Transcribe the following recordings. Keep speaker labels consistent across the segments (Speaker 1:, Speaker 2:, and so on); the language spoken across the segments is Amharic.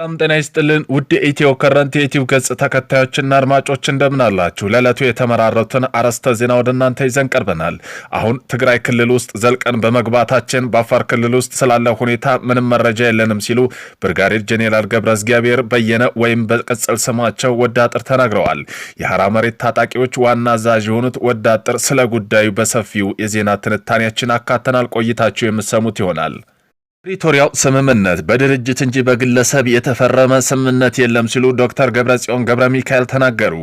Speaker 1: ሰላም ጤና ይስጥልን ውድ ኢትዮ ከረንት የዩቲዩብ ገጽ ተከታዮችና አድማጮች እንደምን አላችሁ? ለዕለቱ የተመራረቱን አርዕስተ ዜና ወደ እናንተ ይዘን ቀርበናል። አሁን ትግራይ ክልል ውስጥ ዘልቀን በመግባታችን በአፋር ክልል ውስጥ ስላለ ሁኔታ ምንም መረጃ የለንም ሲሉ ብርጋዴር ጄኔራል ገብረ እግዚአብሔር በየነ ወይም በቅጽል ስማቸው ወዳጥር ተናግረዋል። የሐራ መሬት ታጣቂዎች ዋና አዛዥ የሆኑት ወዳጥር ስለ ጉዳዩ በሰፊው የዜና ትንታኔያችን አካተናል። ቆይታችሁ የምትሰሙት ይሆናል። ፕሪቶሪያው ስምምነት በድርጅት እንጂ በግለሰብ የተፈረመ ስምምነት የለም ሲሉ ዶክተር ገብረጽዮን ገብረ ሚካኤል ተናገሩ።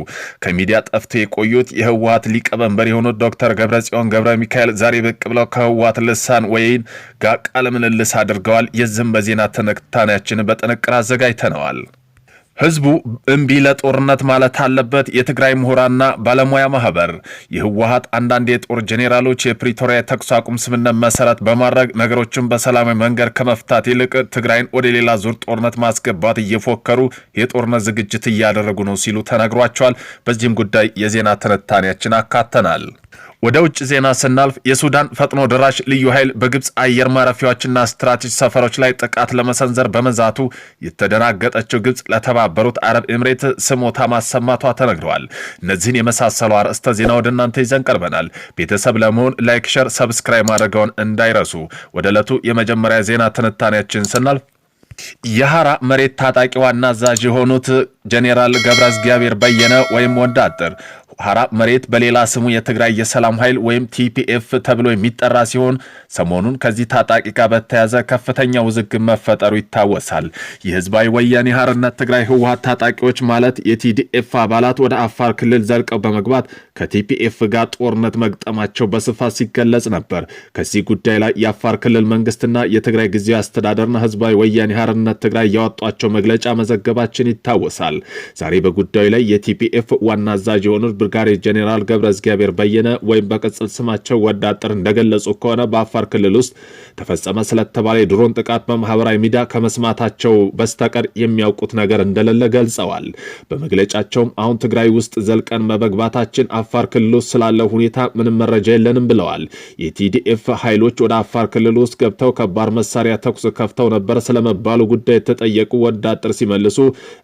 Speaker 1: ከሚዲያ ጠፍተው የቆዩት የህወሀት ሊቀመንበር የሆኑት ዶክተር ገብረጽዮን ገብረ ሚካኤል ዛሬ ብቅ ብለው ከህወሀት ልሳን ወይን ጋር ቃለ ምልልስ አድርገዋል። የዝም በዜና ትንታኔያችን በጥንቅር አዘጋጅተነዋል። ህዝቡ እምቢ ለጦርነት ማለት አለበት። የትግራይ ምሁራና ባለሙያ ማህበር የህወሀት አንዳንድ የጦር ጄኔራሎች የፕሪቶሪያ የተኩስ አቁም ስምነት መሰረት በማድረግ ነገሮችን በሰላማዊ መንገድ ከመፍታት ይልቅ ትግራይን ወደ ሌላ ዙር ጦርነት ማስገባት እየፎከሩ የጦርነት ዝግጅት እያደረጉ ነው ሲሉ ተነግሯቸዋል። በዚህም ጉዳይ የዜና ትንታኔያችን አካተናል። ወደ ውጭ ዜና ስናልፍ የሱዳን ፈጥኖ ደራሽ ልዩ ኃይል በግብፅ አየር ማረፊያዎችና ስትራቴጂ ሰፈሮች ላይ ጥቃት ለመሰንዘር በመዛቱ የተደናገጠችው ግብፅ ለተባበሩት አረብ ኤምሬት ስሞታ ማሰማቷ ተነግረዋል። እነዚህን የመሳሰሉ አርዕስተ ዜና ወደ እናንተ ይዘን ቀርበናል። ቤተሰብ ለመሆን ላይክ፣ ሸር፣ ሰብስክራይብ ማድረገውን እንዳይረሱ። ወደ ዕለቱ የመጀመሪያ ዜና ትንታኔያችን ስናልፍ የሐራ መሬት ታጣቂ ዋና አዛዥ የሆኑት ጄኔራል ገብረ እግዚአብሔር በየነ ወይም ወንድ አጥር ሀራ መሬት በሌላ ስሙ የትግራይ የሰላም ኃይል ወይም ቲፒኤፍ ተብሎ የሚጠራ ሲሆን ሰሞኑን ከዚህ ታጣቂ ጋር በተያዘ ከፍተኛ ውዝግብ መፈጠሩ ይታወሳል። የህዝባዊ ወያኔ ሀርነት ትግራይ ህወሀት ታጣቂዎች ማለት የቲዲኤፍ አባላት ወደ አፋር ክልል ዘልቀው በመግባት ከቲፒኤፍ ጋር ጦርነት መግጠማቸው በስፋት ሲገለጽ ነበር። ከዚህ ጉዳይ ላይ የአፋር ክልል መንግስትና የትግራይ ጊዜያዊ አስተዳደርና ህዝባዊ ወያኔ ሀርነት ትግራይ ያወጧቸው መግለጫ መዘገባችን ይታወሳል። ዛሬ በጉዳዩ ላይ የቲፒኤፍ ዋና አዛዥ የሆኑት ጋሪ ጄኔራል ገብረ እግዚአብሔር በየነ ወይም በቅጽል ስማቸው ወዳጥር እንደገለጹ ከሆነ በአፋር ክልል ውስጥ ተፈጸመ ስለተባለ የድሮን ጥቃት በማህበራዊ ሚዲያ ከመስማታቸው በስተቀር የሚያውቁት ነገር እንደሌለ ገልጸዋል። በመግለጫቸውም አሁን ትግራይ ውስጥ ዘልቀን መበግባታችን አፋር ክልል ውስጥ ስላለው ሁኔታ ምንም መረጃ የለንም ብለዋል። የቲዲኤፍ ኃይሎች ወደ አፋር ክልል ውስጥ ገብተው ከባድ መሳሪያ ተኩስ ከፍተው ነበር ስለመባሉ ጉዳይ የተጠየቁ ወዳጥር ሲመልሱ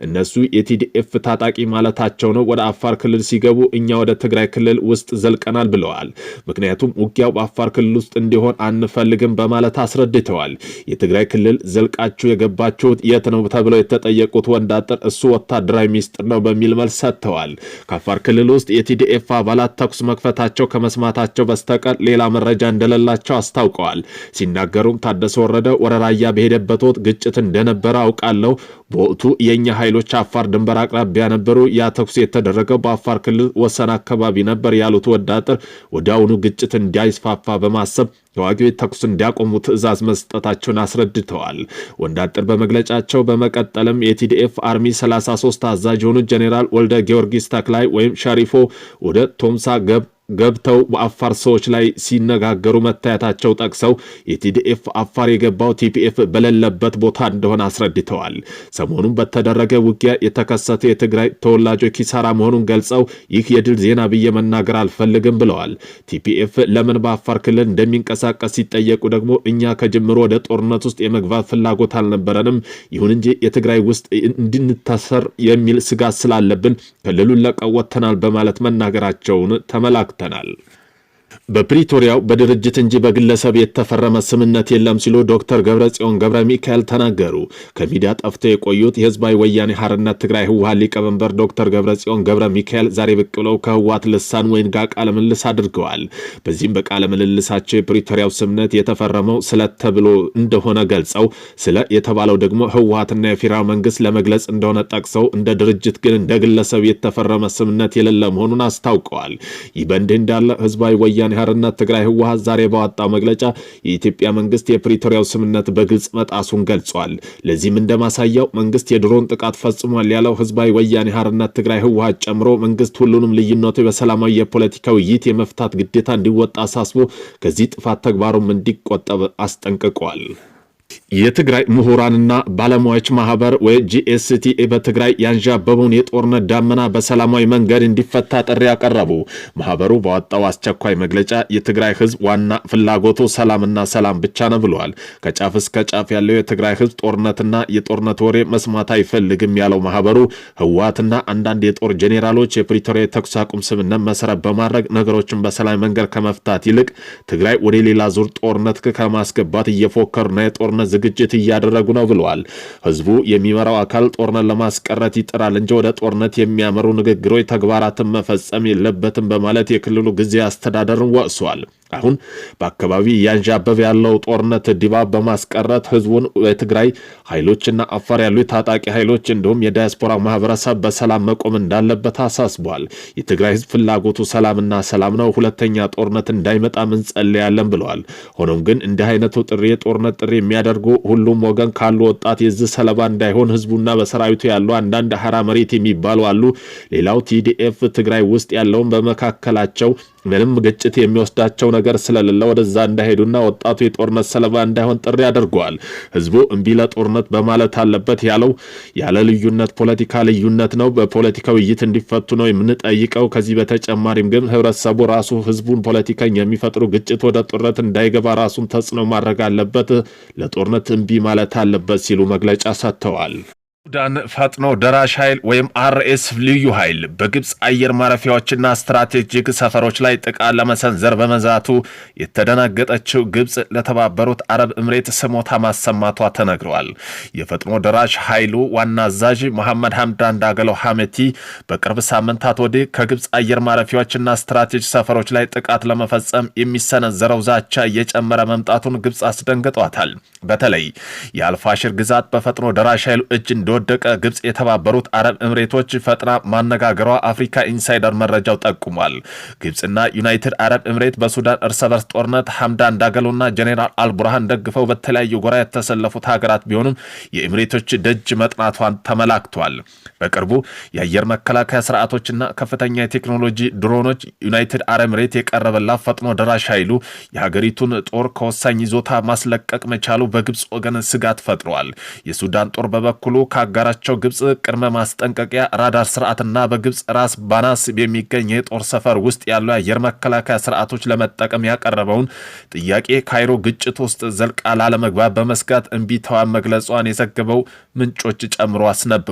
Speaker 1: እነሱ የቲዲኤፍ ታጣቂ ማለታቸው ነው። ወደ አፋር ክልል ሲገቡ እኛ ወደ ትግራይ ክልል ውስጥ ዘልቀናል ብለዋል። ምክንያቱም ውጊያው በአፋር ክልል ውስጥ እንዲሆን አንፈልግም በማለት አስረድተዋል። የትግራይ ክልል ዘልቃችሁ የገባችሁት የት ነው ተብለው የተጠየቁት ወንዳጥር እሱ ወታደራዊ ሚስጥር ነው በሚል መልስ ሰጥተዋል። ከአፋር ክልል ውስጥ የቲዲኤፍ አባላት ተኩስ መክፈታቸው ከመስማታቸው በስተቀር ሌላ መረጃ እንደሌላቸው አስታውቀዋል። ሲናገሩም ታደሰ ወረደ ወደ ራያ በሄደበት ወቅት ግጭት እንደነበረ አውቃለሁ። በወቅቱ የእኛ ኃይሎች አፋር ድንበር አቅራቢያ ነበሩ። ያ ተኩስ የተደረገው በአፋር ክልል ወሰን አካባቢ ነበር ያሉት ወዳጥር ወዲያውኑ ግጭት እንዳይስፋፋ በማሰብ ተዋጊዎች ተኩስ እንዲያቆሙ ትዕዛዝ መስጠታቸውን አስረድተዋል። ወንዳጥር በመግለጫቸው በመቀጠልም የቲዲኤፍ አርሚ 33 አዛዥ የሆኑት ጄኔራል ወልደ ጊዮርጊስ ተክላይ ወይም ሸሪፎ ወደ ቶምሳ ገብ ገብተው በአፋር ሰዎች ላይ ሲነጋገሩ መታየታቸው ጠቅሰው የቲዲኤፍ አፋር የገባው ቲፒኤፍ በሌለበት ቦታ እንደሆነ አስረድተዋል። ሰሞኑን በተደረገ ውጊያ የተከሰተ የትግራይ ተወላጆች ኪሳራ መሆኑን ገልጸው ይህ የድል ዜና ብዬ መናገር አልፈልግም ብለዋል። ቲፒኤፍ ለምን በአፋር ክልል እንደሚንቀሳ እንዲንቀሳቀስ ሲጠየቁ ደግሞ እኛ ከጀምሮ ወደ ጦርነት ውስጥ የመግባት ፍላጎት አልነበረንም። ይሁን እንጂ የትግራይ ውስጥ እንድንታሰር የሚል ስጋት ስላለብን ክልሉን ለቀው ወጥተናል በማለት መናገራቸውን ተመላክተናል። በፕሪቶሪያው በድርጅት እንጂ በግለሰብ የተፈረመ ስምነት የለም ሲሉ ዶክተር ገብረጽዮን ገብረ ሚካኤል ተናገሩ። ከሚዲያ ጠፍተው የቆዩት የህዝባዊ ወያኔ ሀርነት ትግራይ ህወሀት ሊቀመንበር ዶክተር ገብረጽዮን ገብረ ሚካኤል ዛሬ ብቅ ብለው ከህወሀት ልሳን ወይን ጋር ቃለ ምልልስ አድርገዋል። በዚህም በቃለ ምልልሳቸው የፕሪቶሪያው ስምነት የተፈረመው ስለ ተብሎ እንደሆነ ገልጸው ስለ የተባለው ደግሞ ህወሀትና የፌዴራል መንግስት ለመግለጽ እንደሆነ ጠቅሰው እንደ ድርጅት ግን እንደ ግለሰብ የተፈረመ ስምነት የሌለ መሆኑን አስታውቀዋል። ይህ በእንዲህ እንዳለ ህዝባዊ ወያ ወያኔ ሓርና ትግራይ ህወሓት ዛሬ ባወጣው መግለጫ የኢትዮጵያ መንግስት የፕሪቶሪያው ስምነት በግልጽ መጣሱን ገልጿል። ለዚህም እንደማሳያው መንግስት የድሮን ጥቃት ፈጽሟል ያለው ህዝባዊ ወያኔ ሓርና ትግራይ ህወሓት ጨምሮ መንግስት ሁሉንም ልዩነቱ በሰላማዊ የፖለቲካ ውይይት የመፍታት ግዴታ እንዲወጣ አሳስቦ ከዚህ ጥፋት ተግባሩም እንዲቆጠብ አስጠንቅቋል። የትግራይ ምሁራንና ባለሙያዎች ማህበር ወይ ጂኤስቲኤ በትግራይ ያንዣበበውን የጦርነት ዳመና በሰላማዊ መንገድ እንዲፈታ ጥሪ ያቀረቡ። ማህበሩ በወጣው አስቸኳይ መግለጫ የትግራይ ህዝብ ዋና ፍላጎቱ ሰላምና ሰላም ብቻ ነው ብለዋል። ከጫፍ እስከ ጫፍ ያለው የትግራይ ህዝብ ጦርነትና የጦርነት ወሬ መስማት አይፈልግም ያለው ማህበሩ ህወሓትና አንዳንድ የጦር ጄኔራሎች የፕሪቶሪያ የተኩስ አቁም ስምምነት መሰረት በማድረግ ነገሮችን በሰላም መንገድ ከመፍታት ይልቅ ትግራይ ወደ ሌላ ዙር ጦርነት ከማስገባት እየፎከሩና የጦርነት ዝግጅት እያደረጉ ነው ብለዋል። ህዝቡ የሚመራው አካል ጦርነት ለማስቀረት ይጥራል እንጂ ወደ ጦርነት የሚያመሩ ንግግሮች፣ ተግባራትን መፈጸም የለበትም በማለት የክልሉ ጊዜ አስተዳደርን ወቅሷል። አሁን በአካባቢ እያንዣበበ ያለው ጦርነት ድባብ በማስቀረት ህዝቡን የትግራይ ኃይሎችና አፋር ያሉ የታጣቂ ኃይሎች እንዲሁም የዲያስፖራ ማህበረሰብ በሰላም መቆም እንዳለበት አሳስቧል። የትግራይ ህዝብ ፍላጎቱ ሰላምና ሰላም ነው፣ ሁለተኛ ጦርነት እንዳይመጣ እንጸልያለን ብለዋል። ሆኖም ግን እንዲህ አይነቱ ጥሪ የጦርነት ጥሪ የሚያደርጉ ሁሉም ወገን ካሉ ወጣት የዚህ ሰለባ እንዳይሆን ህዝቡና በሰራዊቱ ያሉ አንዳንድ ሀራ መሬት የሚባሉ አሉ። ሌላው ቲዲኤፍ ትግራይ ውስጥ ያለውን በመካከላቸው ምንም ግጭት የሚወስዳቸው ነገር ስለሌለ ወደዛ እንዳይሄዱና ወጣቱ የጦርነት ሰለባ እንዳይሆን ጥሪ አድርገዋል። ህዝቡ እምቢ ለጦርነት በማለት አለበት ያለው ያለ ልዩነት ፖለቲካ ልዩነት ነው፣ በፖለቲካ ውይይት እንዲፈቱ ነው የምንጠይቀው። ከዚህ በተጨማሪም ግን ህብረተሰቡ ራሱ ህዝቡን ፖለቲካኝ የሚፈጥሩ ግጭት ወደ ጦርነት እንዳይገባ ራሱን ተጽዕኖ ማድረግ አለበት፣ ለጦርነት እምቢ ማለት አለበት ሲሉ መግለጫ ሰጥተዋል። ሱዳን ፈጥኖ ደራሽ ኃይል ወይም አርኤስ ልዩ ኃይል በግብፅ አየር ማረፊያዎችና ስትራቴጂክ ሰፈሮች ላይ ጥቃት ለመሰንዘር በመዛቱ የተደናገጠችው ግብፅ ለተባበሩት አረብ እምሬት ስሞታ ማሰማቷ ተነግረዋል። የፈጥኖ ደራሽ ኃይሉ ዋና አዛዥ መሐመድ ሐምዳን ዳገለው ሐሜቲ በቅርብ ሳምንታት ወዲህ ከግብፅ አየር ማረፊያዎችና ስትራቴጂ ሰፈሮች ላይ ጥቃት ለመፈጸም የሚሰነዘረው ዛቻ እየጨመረ መምጣቱን ግብፅ አስደንግጧታል። በተለይ የአልፋሽር ግዛት በፈጥኖ ደራሽ ኃይሉ እጅ እንደወደቀ ግብፅ የተባበሩት አረብ እምሬቶች ፈጥና ማነጋገሯ አፍሪካ ኢንሳይደር መረጃው ጠቁሟል። ግብፅና ዩናይትድ አረብ እምሬት በሱዳን እርስ በርስ ጦርነት ሐምዳን ዳገሎና ጄኔራል አልቡርሃን ደግፈው በተለያዩ ጎራ የተሰለፉት ሀገራት ቢሆኑም የእምሬቶች ደጅ መጥናቷን ተመላክቷል። በቅርቡ የአየር መከላከያ ስርዓቶችና ከፍተኛ የቴክኖሎጂ ድሮኖች ዩናይትድ አረብ እምሬት የቀረበላት ፈጥኖ ደራሽ ኃይሉ የሀገሪቱን ጦር ከወሳኝ ይዞታ ማስለቀቅ መቻሉ በግብፅ ወገን ስጋት ፈጥሯል። የሱዳን ጦር በበኩሉ አጋራቸው ግብፅ ቅድመ ማስጠንቀቂያ ራዳር ስርዓትና በግብፅ ራስ ባናስ የሚገኝ የጦር ሰፈር ውስጥ ያሉ የአየር መከላከያ ስርዓቶች ለመጠቀም ያቀረበውን ጥያቄ ካይሮ ግጭት ውስጥ ዘልቃ ላለመግባት በመስጋት እምቢታዋን መግለጿን የዘገበው ምንጮች ጨምሮ አስነብቧል።